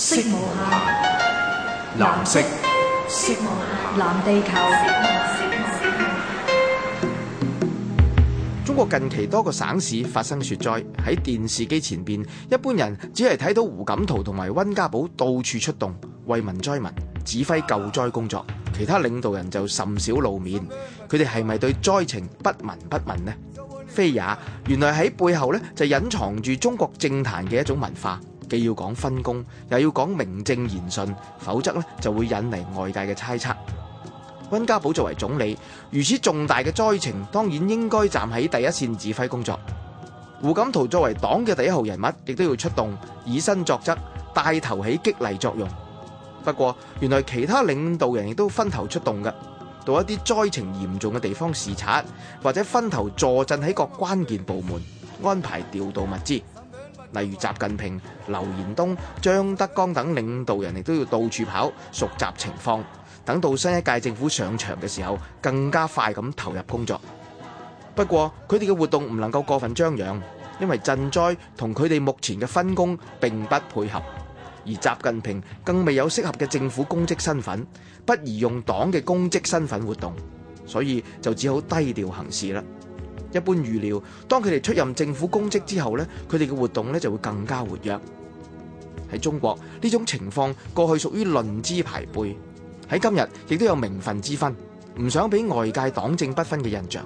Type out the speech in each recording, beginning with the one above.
色無限，藍色。雪無限，藍地球。中國近期多個省市發生雪災，喺電視機前邊，一般人只係睇到胡錦濤同埋溫家寶到處出動，慰問災民指揮救災工作，其他領導人就甚少露面。佢哋係咪對災情不聞不問呢？非也，原來喺背後呢，就隱藏住中國政壇嘅一種文化。既要講分工，又要講名正言順，否則呢就會引嚟外界嘅猜測。溫家寶作為總理，如此重大嘅災情，當然應該站喺第一線指揮工作。胡錦濤作為黨嘅第一號人物，亦都要出動，以身作則，帶頭起激勵作用。不過，原來其他領導人亦都分頭出動嘅，到一啲災情嚴重嘅地方視察，或者分頭坐鎮喺各關鍵部門，安排調度物資。例如習近平、劉延東、張德江等領導人，亦都要到處跑，熟習情況，等到新一屆政府上場嘅時候，更加快咁投入工作。不過，佢哋嘅活動唔能夠過分張揚，因為賑災同佢哋目前嘅分工並不配合，而習近平更未有適合嘅政府公職身份，不宜用黨嘅公職身份活動，所以就只好低調行事啦。一般預料，當佢哋出任政府公職之後咧，佢哋嘅活動咧就會更加活躍。喺中國呢種情況過去屬於論資排輩，喺今日亦都有名分之分，唔想俾外界黨政不分嘅印象。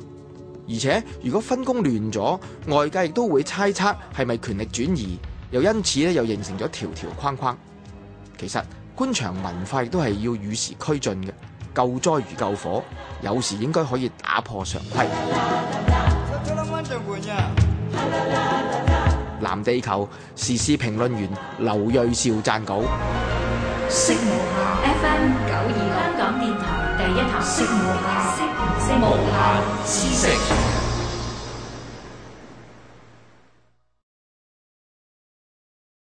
而且如果分工亂咗，外界亦都會猜測係咪權力轉移，又因此咧又形成咗條條框框。其實官場文化亦都係要與時俱進嘅。救災如救火，有時應該可以打破常規。藍地球時事評論員劉銳紹撰稿。